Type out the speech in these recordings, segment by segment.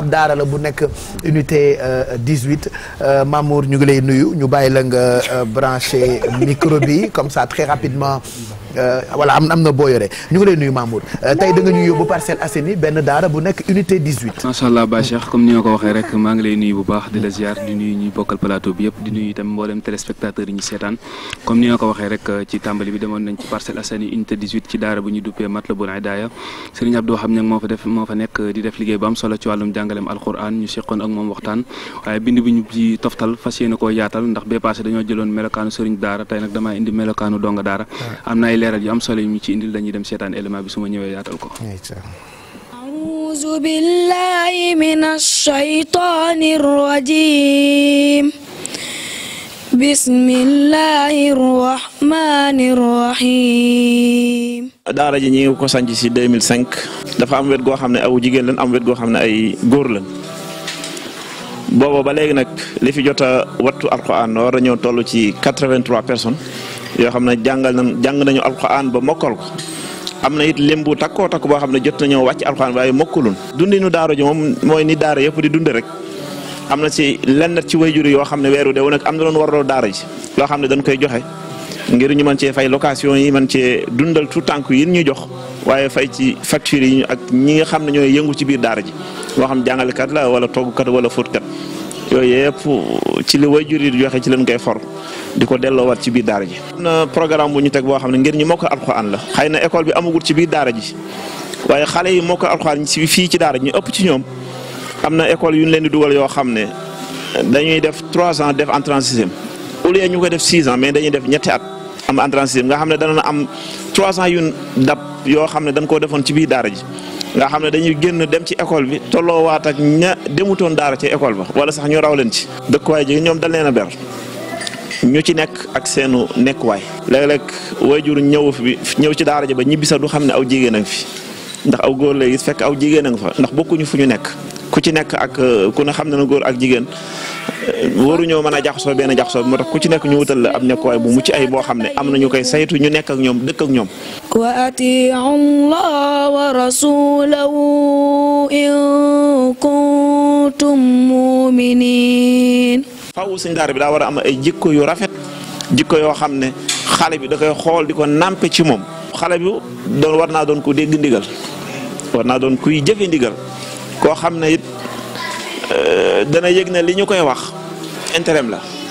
ab bu nekk unité 18 euh, euh, Mamour ñu ngi lay nuyu ñu bàyyi la nga euh, branché micro bi comme ça très rapidement Euh, voilà am am na boo yore ñu ngi lay euh, tey da nga yóbbu Parcelles Assainies benn daara bu nekk unité 18. macha allah Ba Cheikh comme ni nga ko waxee rek maa ngi lay nuyu bu baax di la ziar di nuyu ñuy bokkal plateau bi yëpp di nuyu itam mboolem téléspectateur yi ñu seetaan comme ni nga ko waxee rek euh, ci tàmbali bi demoon nañ ci Parcelles Assainies unité 18 ci daara bu ñu duppee Matlabul Hidaya Serigne Abdou xam ne moo fa def moo fa nekk di def liggéey bu koo yaatal ndax bee passé dañoo jëloon melokaanu Serigne daara tey nag damaa indi melokaanu donga daara ah. leeral yu am solo yu ñu ci indil dañuy dem seetaan élément bi su ma ñëwee yaatal ko. أعوذ بالله من الشيطان الرجيم بسم الله الرحمن الرحيم daara ji ñi dafa am wet goo xam ne aw jigéen lañ am wet goo xam ne ay góor lañ booba ba léegi nag li fi jot a wattu alquran war a ñëw toll ci 83 personnes yoo xam ne jàngal nañ jàng nañu alquran ba mokkal ko am na it lim bu takkoo takk boo xam ne jot nañoo wàcc alquran waaye mokkalun dundinu daara ji moom mooy ni daara yëpp di dund rek am na si lenn ci way jur yoo xam ne weeru de wu nag am na doon warloo daara ji loo xam ne dañ koy joxe ngir ñu mën cee fay location yi mën cee dundal tout tànk yi ñu jox waaye fay ci facture yi ak ñi nga xam ne ñooy yëngu ci biir daara ji moo xam jàngalekat la wala toggkat wala fóotkat yooyu yëpp ci li way jur yi joxe ci leen koy for di ko delloowaat ci biir daara ji. am na programme bu ñu teg boo xam ne ngir ñu mokk alxuraan la xëy na école bi amagut ci biir daara ji waaye xale yi mokk alxuraan ci fii ci daara ji ñu ëpp ci ñoom am na école yu ñu leen di dugal yoo xam ne dañuy def trois ans def entrée en sixième au lieu ñu koy def six an mais dañuy def ñetti at am en sixième nga xam ne dana am trois ans yu dab yoo xam ne dañ koo defoon ci biir daara ji. nga xam ne dañuy génn dem ci école bi tolloowaat ak ña demutoon daara ci école ba wala sax ñu raw leen ci dëkkuwaay ji ñoom dal leen a ber ñu ci nekk ak seenu nekkuwaay léeg-léeg waajur ñëw fi ñëw ci daara ji ba ñibbi sax du xam ne aw jigéen a ngi fi ndax aw góor léegi fekk aw jigéen a nga fa ndax bokkuñu fu ñu nekk ku ci nekk ak ku ne xam ne na góor ak jigéen waru waruñoo mën a jaxasoo benn jaxasoo moo tax ku ci nekk ñu wutal la ab nekkuwaay bu mucc ay boo xam ne am na ñu koy saytu ñu nekk ak ñoom dëkk ak ñoom wa atiu allah wa rasulahu bi daa war a am ay jikko yu rafet jikko yoo xam ne xale bi da koy xool di ko nàmpe ci moom xale bi doon war naa doon ku dégg ndigal war naa doon kuy jëfe ndigal koo xam ne it euh, dana yëg ne li ñu koy wax intérêt la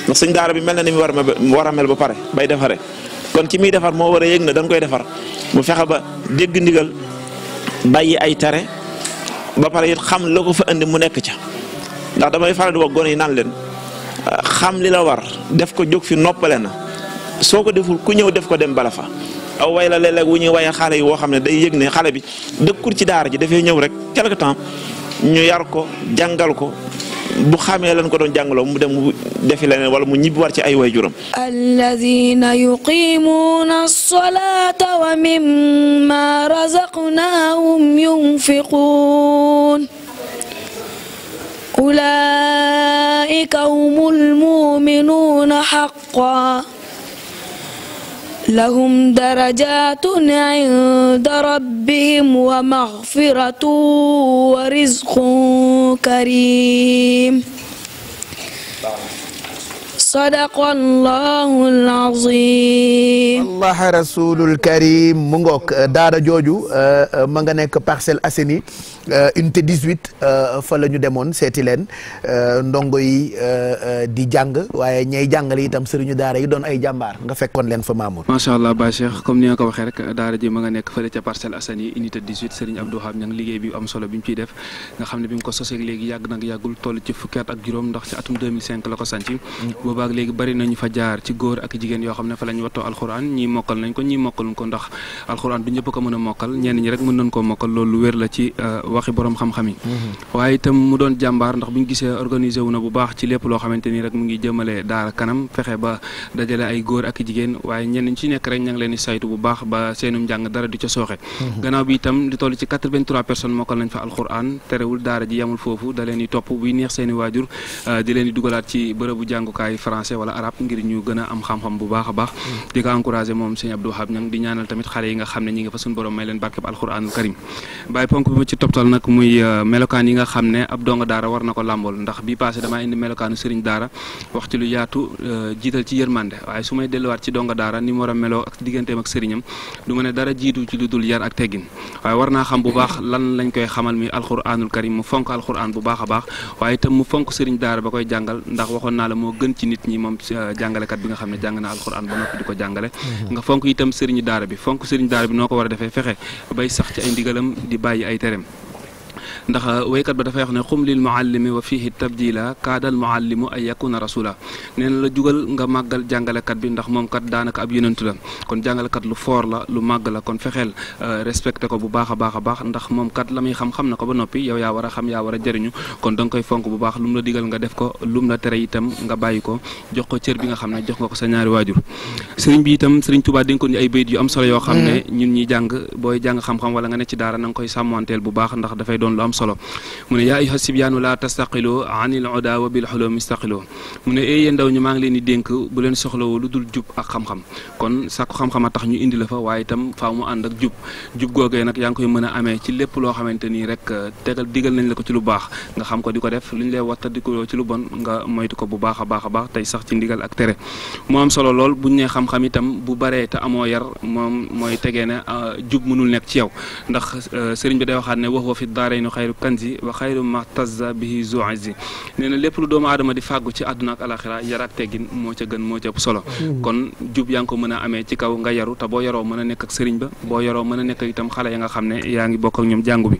ndax suñ daara bi mel na ni mu war a war mel ba pare bay defare kon ci muy defar moo war a yëg na da koy defar mu fexe ba dégg ndigal bàyyi ay tare ba pare it xam la ko fa indi mu nekk ca ndax damay faral di wax gone yi naan leen xam li la war def ko jóg fi noppale na soo ko deful ku ñëw def ko dem bala fa aw way la léeg-léeg wu ñuy wayee xaale yi woo xam ne day yëg ne xale bi dëkkul ci daara ji dafay ñëw rek quelque temps ñu yar ko jàngal ko bu xamee lan ko doon jàngaloo mu dem mu defi leneen wala mu ñibbi war ci ay waajuram alladina yuqimuuna alsalata wa mimma razaqnaahum yunfiquun ulaika humul muminuuna haqqan lahum darajatun inda rabbihim wa maghfiratun wa rizqun karim sadaqallahu al-azim allah rasulul karim mu ngoog daara jooju ma nga nekk Parcelles Assainies Euh, unité 18 euh, fa la demoon seeti leen euh, ndongo yi di jàng waaye ñay jàngale itam sëriñu daara yi doon ay jàmbaar nga fekkoon leen fa Mamour. macha allah Ba Cheikh comme ni nga ko waxee rek daara ji ma nga nekk fële ca Parcelles Assainies unité 18 sëriñ Abdou Wahab ñang liggéey bi am solo bi mu def nga xam ne bi ko sosee léegi yàgg nag yàggul toll ci fukki at ak juróom ndax ci atum la ko sànci. boobaak léegi bari nañu fa jaar ci góor ak jigéen a mokkal ñenn ñi waxi borom xam-xam yi mhm. waaye itam mu doon jàmbaar ndax bu ñu gisee organisé wu na bu baax ci lépp loo xamante ni rek mu ngi jëmale daara kanam fexe ba dajale ay góor ak jigéen waaye ñenn ba seenum njàng mhm. euh, ñu gën a am xam-xam bu baax a baax mhm. di ko moom sëñ Abdou Wahab ñang di ñaanal tamit xale yi nga xam ne ñi nga fa suñu borom may leen barkeb alquranul karim toftal nag muy euh, yi nga xam ne ab donga daara na ko làmbool ndax bi passé damaa indi melokaanu sëriñ daara wax ci lu yaatu euh, jiital ci yërmande waaye su may delluwaat ci donga daara ni mu war a meloo du ma ne dara jiitu ci lu dul yar ak teggin waaye war xam bu baax lan lañ koy xamal mi alxuraanul karim mu fonk alxuraan bu baax a baax waaye itam mu fonk sëriñ daara ba koy jàngal ndax waxoon naa la moo gën ci nit ñi moom euh, jàngalekat bi nga xam ne jàng naa alxuraan ba noppi di ko jàngale mhm. nga fonk itam sëriñ daara bi fonk sëriñ daara bi noo ko war a defee fexe bay sax ci ay ndigalam di bàyyi ay terem ndax euh, waykat ba dafay wax ne xum lil muallimi wa fihi tabdila kaadal muallimu ay yakuna rasula nee na la jugal nga màggal jàngalekat bi ndax moom kat daanaka ab yonentu la kon jàngalekat la lu la kon fexeel euh, respecté ko bu baax a baax a baax ndax moom kat la muy xam xam na ko ba noppi yow yaa war a xam yaa war a jëriñu kon da nga koy fonk bu baax lu mu la digal nga def ko lu la tere itam nga bàyyi ko jox ko cër bi nga xam ne jox nga ko sa ñaari waajur sëriñ bi itam sëriñ Tuubaa dénkoon ñu ay bayit yu am solo yoo xam ne mm. ñun ñi jàng booy jàng xam am solo mu ne yaa ayyuha sibyaanu laa tastaqiloo anil oda wa bil xuloo mistaqiloo mu ne ee ndaw ñu maa ngi leen di dénk bu leen soxlawoo lu dul jub ak xam-xam kon sàkku xam-xam a tax ñu indi la fa waaye itam faa mu ànd ak jub jub googee nag yaa ngi koy mën a amee ci lépp loo xamante nii rek euh, tegal digal nañ la ko ci lu baax nga xam ko di ko def lu ñu lay watta di ko ci lu bon nga moytu ko bu baax a baax a baax tey sax ci ndigal ak tere moo am solo lool buñ nee xam-xam itam bu baree te amoo yar moom mooy tegee ne euh, jub mënul nekk ci yow euh, xayru kanzi wa xayru maxtaza bihi zoisi nee na lépp lu doomu aadama di fàggu ci àdduna ak alaxira yar ak teggin moo ca gën moo ca ëpp solo mm-hmm. kon jub yaa ngi ko mën a amee ci kaw nga yaru te boo yaroo mën a nekk ak sëriñ ba boo yaroo mën a nekk itam xale ya nga xam ne yaa ngi bokk ak ñoom jàngu bi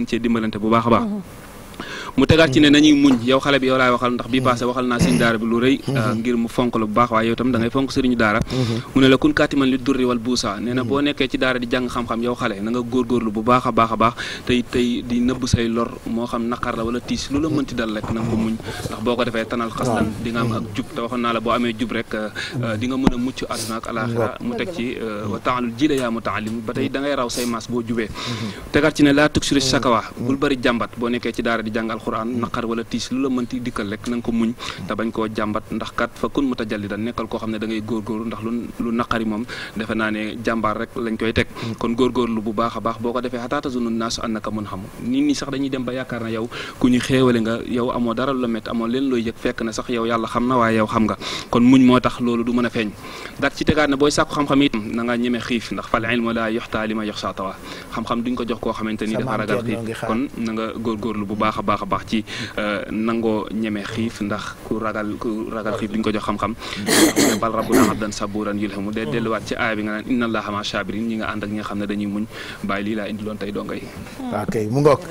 mën cee dimbalante bu baax a baax mm-hmm. mu tegaat ci ne mm. nañuy muñ yow xale bi yow laay waxal ndax bi mm. passé waxal naa sëriñ daara bi lu rëy mm-hmm. euh, ngir mu fonk lu bu baax waaye yow tam da ngay fonk sëriñu mm-hmm. mm-hmm. na boo nekkee ci daara di nga a a la la mënti dal rek na nga ko muñ ndax boo ko defee tanal xaslan di nga am ak jub te waxoon naa la boo amee jub rek euh, euh, di mën a mucc àdduna ak alaxira mu teg ci wa taalul jila yaa mutaalim ba tey da ngay raw say mas boo jubee tegaat ci ne laa tuksiri sakawa bul bari jàmbat boo nekkee ci daara di jàng alxuraan naqar wala tiis lu la mënti dikkal rek na ko muñ te bañ koo jàmbat ndax kat fa kun mu ta nekkal koo xam ne da ngay góorgóorlu ndax lu lu naqari moom defe naa ne jàmbaar rek lañ koy teg kon góorgóorlu bu baax a baax boo ko defee xataata sunu naas annaka mun xam nit sax dañuy dem ba yaakaar na yow ku ñu xéewale nga yow amoo dara lu la métti amoo leen looy yëg fekk na sax yow yàlla xam na waaye yow xam nga kon muñ moo tax loolu du a feeñ daat ci na nga ñeme xiif ndax fal ilmu laa yoxtaa li ma yox saa xam-xam duñ ko jox koo xamante ni dafa ragal xiif kon na nga góorgóorlu bu baax a baax a ci euh, nangoo ñeme xiif ndax ku ragal ku ragal xiif duñ ko jox xam-xam bal rabbuna abdan saburan yulhamu de mm. delluwaat ci aaya bi nga naan inna allaha ma sabirin ñi nga ànd ak ñi nga xam ne dañuy muñ bàyyi lii laa indiloon tey donga yi mm. ok mu ngoog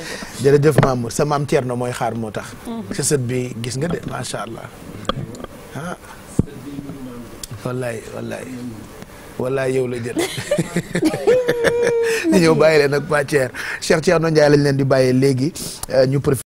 jërëjëf Mamour sa maam Thierno mooy xaar moo tax mm. sa sët bi gis nga de macha allah ah wallaay wallaay wala yow la jël ñu ñëw bàyyi leen ak Pape Cheikh Cheikh Thierno Ndiaye lañ leen di bàyyee léegi euh, ñu profité